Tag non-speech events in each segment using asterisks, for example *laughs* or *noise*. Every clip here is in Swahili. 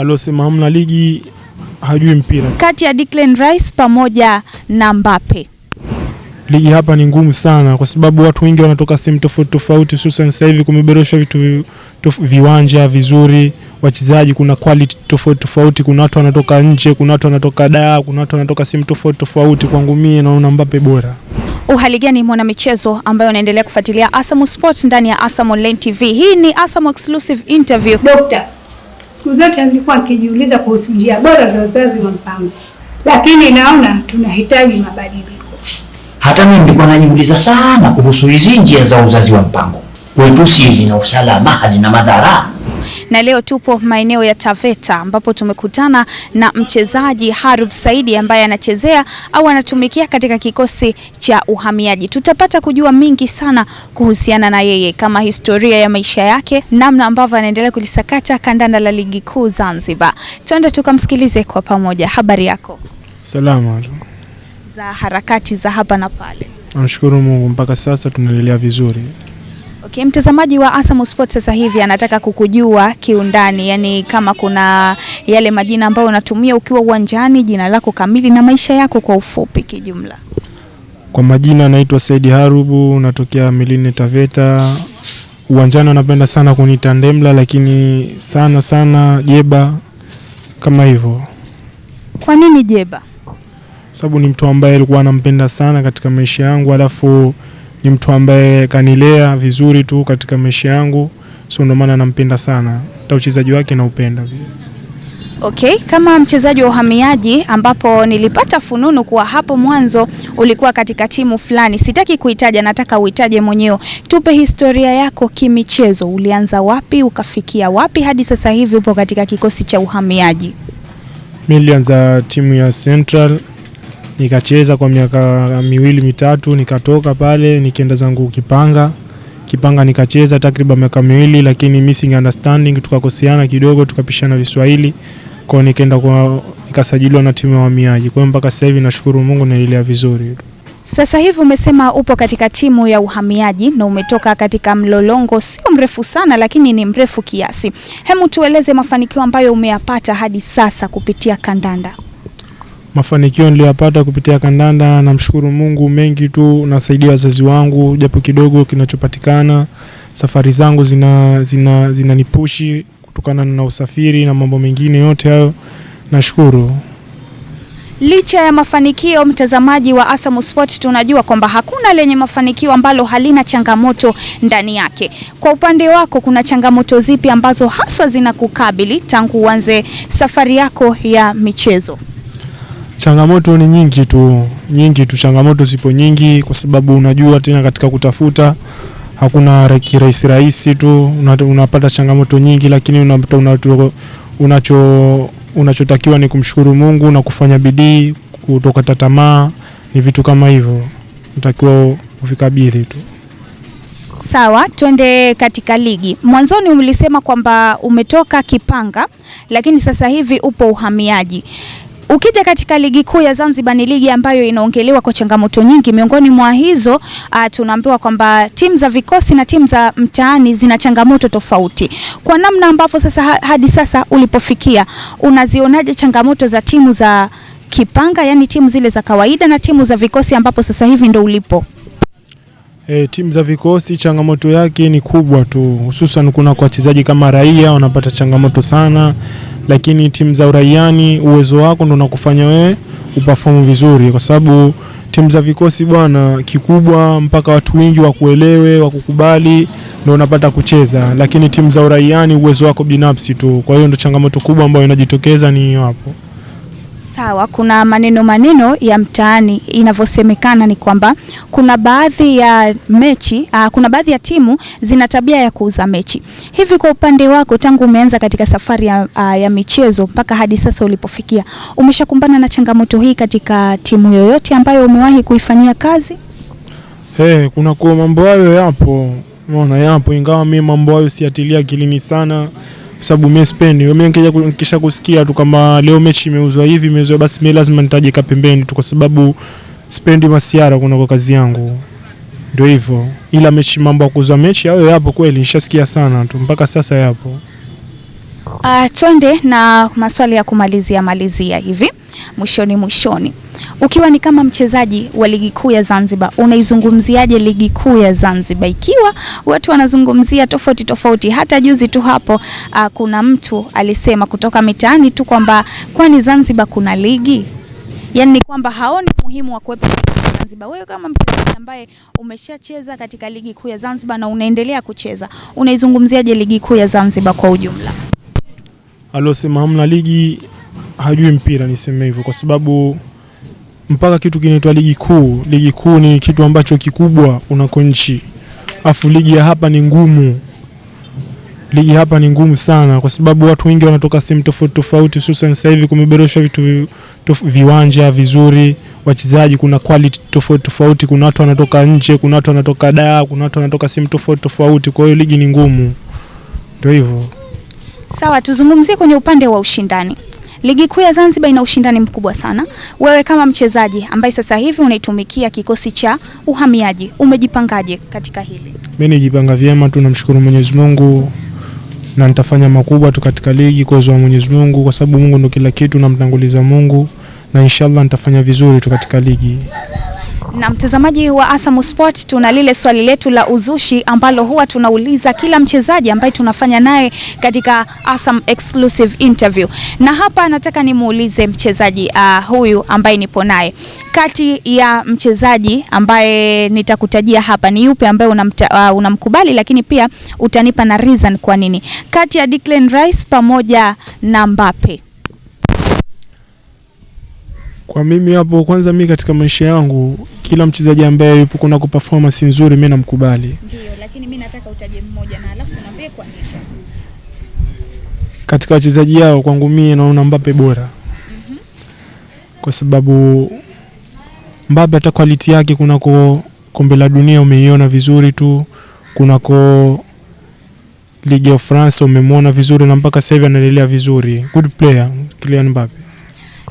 aliosema hamna ligi hajui mpira. Kati ya Declan Rice pamoja na Mbappe, ligi hapa ni ngumu sana, kwa sababu watu wengi wanatoka sehemu tofauti tofauti, hususan sasa hivi kumeboreshwa vitu, viwanja vizuri, wachezaji, kuna quality tofauti tofauti, kuna watu wanatoka nje, kuna watu wanatoka daa, kuna watu wanatoka sehemu tofauti tofauti. Kwangu mimi naona Mbappe bora. Uhali gani michezo ambayo unaendelea kufuatilia Asam Sports ndani ya Asam Online TV. Hii ni Asam exclusive interview. Dokta Siku zote nilikuwa nikijiuliza kuhusu njia bora za uzazi wa mpango, lakini naona tunahitaji mabadiliko. Hata mimi nilikuwa najiuliza sana kuhusu hizi njia za uzazi wa mpango, si zina usalama, hazina madhara na leo tupo maeneo ya Taveta ambapo tumekutana na mchezaji Harub Saidi ambaye anachezea au anatumikia katika kikosi cha uhamiaji. Tutapata kujua mingi sana kuhusiana na yeye kama historia ya maisha yake, namna ambavyo anaendelea kulisakata kandanda la ligi kuu Zanzibar. Twende tukamsikilize kwa pamoja. Habari yako? Salama. Za harakati za hapa na pale? Namshukuru Mungu, mpaka sasa tunaendelea vizuri. Okay, mtazamaji wa Asam Sports sasa hivi anataka kukujua kiundani, yani kama kuna yale majina ambayo unatumia ukiwa uwanjani, jina lako kamili na maisha yako kwa ufupi kijumla. Kwa majina naitwa Said Harubu, natokea Milini Taveta. Uwanjani wanapenda sana kuniita Ndemla, lakini sana sana Jeba kama hivyo. Kwa nini Jeba? Sababu ni mtu ambaye alikuwa anampenda sana katika maisha yangu, alafu ni mtu ambaye kanilea vizuri tu katika maisha yangu, so ndio maana nampenda sana, hata uchezaji wake naupenda pia. Okay, kama mchezaji wa uhamiaji ambapo nilipata fununu kuwa hapo mwanzo ulikuwa katika timu fulani, sitaki kuitaja, nataka uitaje mwenyewe. Tupe historia yako kimichezo, ulianza wapi ukafikia wapi hadi sasa hivi upo katika kikosi cha uhamiaji? Mimi nilianza timu ya Central nikacheza kwa miaka miwili mitatu, nikatoka pale, nikienda zangu Kipanga. Kipanga nikacheza takriban miaka miwili, lakini missing understanding, tukakoseana kidogo, tukapishana Kiswahili kwa nikaenda kwa nikasajiliwa na timu ya uhamiaji Kwa hiyo mpaka sasa hivi nashukuru Mungu naendelea vizuri. Sasa hivi umesema upo katika timu ya uhamiaji na umetoka katika mlolongo sio mrefu sana, lakini ni mrefu kiasi. Hemu tueleze mafanikio ambayo umeyapata hadi sasa kupitia kandanda mafanikio niliyopata kupitia kandanda, namshukuru Mungu mengi tu, nasaidia wazazi wangu japo kidogo kinachopatikana. Safari zangu zina zina zinanipushi kutokana na usafiri na mambo mengine yote hayo, nashukuru. Licha ya mafanikio, mtazamaji wa Asam Sport, tunajua kwamba hakuna lenye mafanikio ambalo halina changamoto ndani yake. Kwa upande wako, kuna changamoto zipi ambazo haswa zinakukabili tangu uanze safari yako ya michezo? Changamoto ni nyingi tu, nyingi tu, changamoto zipo nyingi, kwa sababu unajua tena katika kutafuta hakuna kirahisi rahisi tu, unapata changamoto nyingi, lakini unapata unacho, unacho unachotakiwa ni kumshukuru Mungu na kufanya bidii, kutokata tamaa, ni vitu kama hivyo unatakiwa uvikabili tu. Sawa, twende katika ligi. Mwanzoni ulisema kwamba umetoka Kipanga, lakini sasa hivi upo uhamiaji. Ukija katika ligi kuu ya Zanzibar ni ligi ambayo inaongelewa kwa changamoto nyingi. Miongoni mwa hizo ah, tunaambiwa kwamba timu za vikosi na timu za mtaani zina changamoto tofauti. Kwa namna ambavyo sasa hadi sasa ulipofikia, unazionaje changamoto za timu za Kipanga, yani timu zile za kawaida na timu za vikosi ambapo sasa hivi ndo ulipo? E, timu za vikosi changamoto yake ni kubwa tu, hususan kuna kwa wachezaji kama raia wanapata changamoto sana lakini timu za uraiani uwezo wako ndo unakufanya wewe uperform vizuri, kwa sababu timu za vikosi bwana, kikubwa mpaka watu wengi wakuelewe, wakukubali ndo unapata kucheza, lakini timu za uraiani uwezo wako binafsi tu. Kwa hiyo ndo changamoto kubwa ambayo inajitokeza ni hiyo hapo. Sawa, kuna maneno maneno ya mtaani inavyosemekana ni kwamba kuna baadhi ya mechi aa, ah, kuna baadhi ya timu zina tabia ya kuuza mechi. Hivi kwa upande wako, tangu umeanza katika safari ya, aa, ah, ya michezo mpaka hadi sasa ulipofikia, umeshakumbana na changamoto hii katika timu yoyote ambayo umewahi kuifanyia kazi? Hey, eh, kuna kwa mambo hayo yapo, unaona yapo, ingawa mimi mambo hayo siatilia akilini sana sababu mimi sipendi mimi, nikija kisha kusikia tu kama leo mechi imeuzwa hivi imeuzwa, basi mimi lazima ka pembeni tu, kwa sababu sipendi masiara kuna kwa kazi yangu, ndio hivyo. Ila mechi, mambo ya kuuza mechi hayo yapo kweli, nishasikia sana tu, mpaka sasa yapo. Uh, twende na maswali ya kumalizia malizia hivi mwishoni mwishoni ukiwa ni kama mchezaji wa ligi kuu ya Zanzibar, unaizungumziaje ligi kuu ya Zanzibar, ikiwa watu wanazungumzia tofauti tofauti? Hata juzi tu hapo uh, kuna mtu alisema kutoka mitaani tu kwamba kwani Zanzibar kuna ligi? Yaani ni kwamba haoni umuhimu wa kuwepo Zanzibar. Wewe kama mchezaji ambaye umeshacheza katika ligi kuu ya Zanzibar na unaendelea kucheza, unaizungumziaje ligi kuu ya Zanzibar kwa ujumla? Aliosema hamna ligi hajui mpira, niseme hivyo kwa sababu mpaka kitu kinaitwa ligi kuu. Ligi kuu ni kitu ambacho kikubwa unako nchi, afu ligi ya hapa ni ngumu. Ligi hapa ni ngumu sana, kwa sababu watu wengi wanatoka sehemu tofauti tofauti, hususan sasa hivi kumeboreshwa vitu, viwanja vizuri, wachezaji, kuna quality tofauti tofauti, kuna watu wanatoka nje, kuna watu wanatoka da, kuna watu wanatoka sehemu tofauti tofauti, kwa hiyo ligi ni ngumu, ndio hivyo. Sawa, tuzungumzie kwenye upande wa ushindani. Ligi kuu ya Zanzibar ina ushindani mkubwa sana. Wewe kama mchezaji ambaye sasa hivi unaitumikia kikosi cha Uhamiaji, umejipangaje katika hili? Mimi nijipanga vyema tu, namshukuru Mwenyezi Mungu na nitafanya makubwa tu katika ligi kwa uwezo wa Mwenyezi Mungu, kwa sababu Mungu ndio kila kitu, namtanguliza Mungu na inshallah nitafanya vizuri tu katika ligi. Na mtazamaji wa Asam Sport, tuna lile swali letu la uzushi ambalo huwa tunauliza kila mchezaji ambaye tunafanya naye katika Asam exclusive interview, na hapa nataka nimuulize mchezaji uh, huyu ambaye nipo naye, kati ya mchezaji ambaye nitakutajia hapa ni yupi ambaye unamta, uh, unamkubali, lakini pia utanipa na reason kwa nini kati ya Declan Rice pamoja na Mbappe? Kwa mimi hapo, kwanza mi katika maisha yangu kila mchezaji ambaye yupo kuna kwa performance nzuri mi namkubali. Ndio, lakini mimi nataka utaje mmoja na alafu kwa nini. Katika wachezaji yao kwangu mimi naona Mbappe bora. Mm -hmm. Kwa sababu Mbappe hata quality yake kunako kombe la dunia umeiona vizuri tu, kunako Ligue France umemwona vizuri na mpaka sasa hivi anaendelea vizuri. Good player Kylian Mbappe.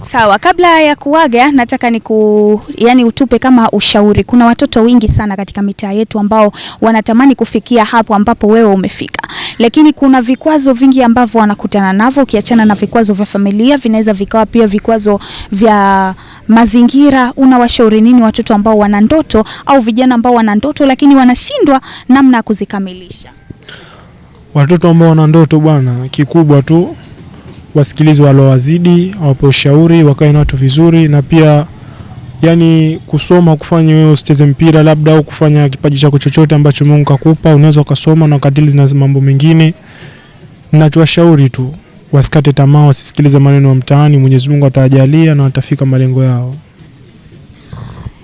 Sawa, kabla ya kuaga nataka ni ku, yani utupe kama ushauri. Kuna watoto wengi sana katika mitaa yetu ambao wanatamani kufikia hapo ambapo wewe umefika, lakini kuna vikwazo vingi ambavyo wanakutana navyo. Ukiachana na vikwazo vya familia, vinaweza vikawa pia vikwazo vya mazingira. Unawashauri nini watoto ambao wana ndoto au vijana ambao wana ndoto lakini wanashindwa namna ya kuzikamilisha? Watoto ambao wana ndoto bwana, kikubwa tu wasikilize walowazidi, awape ushauri, wakae na watu vizuri, na pia yani kusoma kufanya wewe usicheze mpira labda au kufanya kipaji chako chochote ambacho Mungu kakupa, unaweza ukasoma na ukadili na mambo mengine. Nachowashauri tu wasikate tamaa, wasisikilize maneno ya mtaani. Mwenyezi Mungu atawajalia na watafika malengo yao.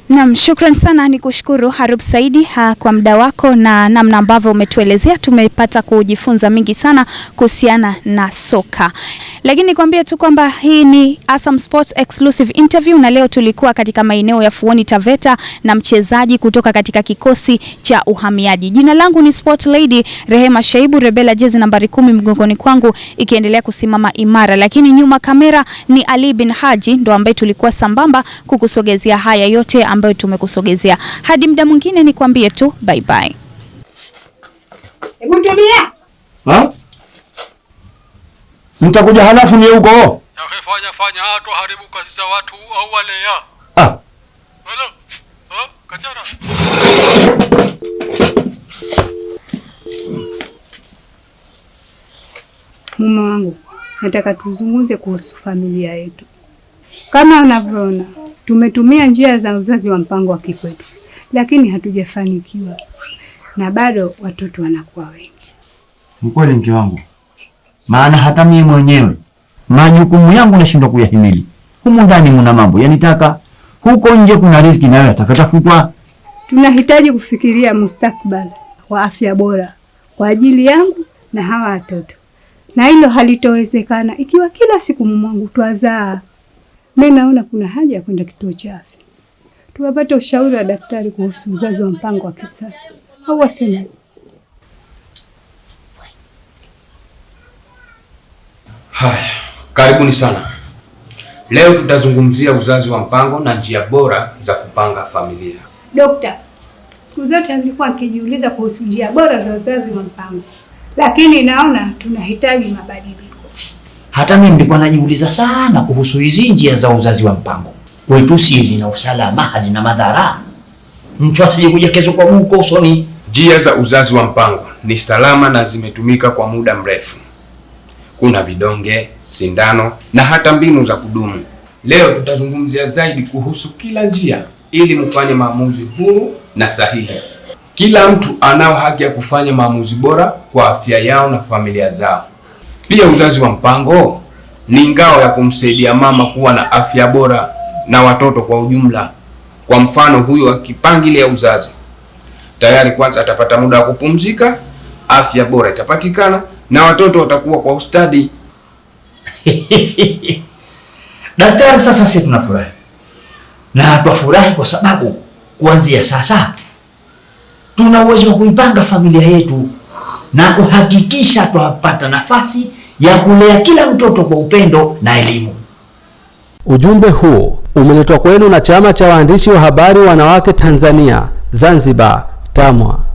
Naam, shukran sana ni kushukuru Harub Saidi ha, kwa muda wako na namna ambavyo umetuelezea. Tumepata kujifunza mingi sana kuhusiana na soka, lakini nikwambie tu kwamba hii ni Asam Sports Exclusive Interview, na leo tulikuwa katika maeneo ya Fuoni Taveta na mchezaji kutoka katika kikosi cha uhamiaji. Jina langu ni Sport Lady Rehema Shaibu Rebela, jezi nambari kumi mgongoni kwangu ikiendelea kusimama imara, lakini nyuma kamera ni Ali bin Haji ndo ambaye tulikuwa sambamba kukusogezea haya yote ambayo tumekusogezea. Hadi muda mwingine, ni kwambie tu bye bye. Hebu tulia. Ha? Mtakuja halafu ni huko. Ya fanya fanya hatu haribu kazi za watu au wale ya. Ah. Hello. Ha? Kachara. Mume wangu, nataka tuzungumze kuhusu familia yetu. Kama unavyoona tumetumia njia za uzazi wa mpango wa kikwetu lakini hatujafanikiwa na bado watoto wanakuwa wengi. Mkweli mke wangu, maana hata mimi mwenyewe majukumu yangu nashindwa kuyahimili. Humu ndani muna mambo yanitaka, huko nje kuna riziki nayo atakatafutwa. Tunahitaji kufikiria mustakbal wa afya bora kwa ajili yangu na hawa watoto, na hilo halitowezekana ikiwa kila siku mumwangu twazaa mimi naona kuna haja ya kwenda kituo cha afya tuwapate ushauri wa daktari kuhusu uzazi wa mpango wa kisasa, au waseme haya. Karibuni sana. Leo tutazungumzia uzazi wa mpango na njia bora za kupanga familia. Dokta, siku zote nilikuwa nikijiuliza kuhusu njia bora za uzazi wa mpango, lakini naona tunahitaji mabadiliko. Hata mimi nilikuwa najiuliza sana kuhusu hizi njia za uzazi wa mpango kwetu, si zina usalama, hazina madhara, mtu asije kuja kesho kwa mko usoni. Njia za uzazi wa mpango ni salama na zimetumika kwa muda mrefu. Kuna vidonge, sindano na hata mbinu za kudumu. Leo tutazungumzia zaidi kuhusu kila njia ili mfanye maamuzi huru na sahihi. Kila mtu anao haki ya kufanya maamuzi bora kwa afya yao na familia zao. Pia uzazi wa mpango ni ngao ya kumsaidia mama kuwa na afya bora na watoto kwa ujumla. Kwa mfano, huyo akipangilia uzazi tayari, kwanza atapata muda wa kupumzika, afya bora itapatikana na watoto watakuwa kwa ustadi. *laughs* Daktari, sasa sisi tunafurahi na twafurahi kwa sababu kuanzia sasa tuna uwezo wa kuipanga familia yetu na kuhakikisha twapata nafasi ya kulea kila mtoto kwa upendo na elimu. Ujumbe huo umeletwa kwenu na Chama cha Waandishi wa Habari Wanawake Tanzania Zanzibar, TAMWA.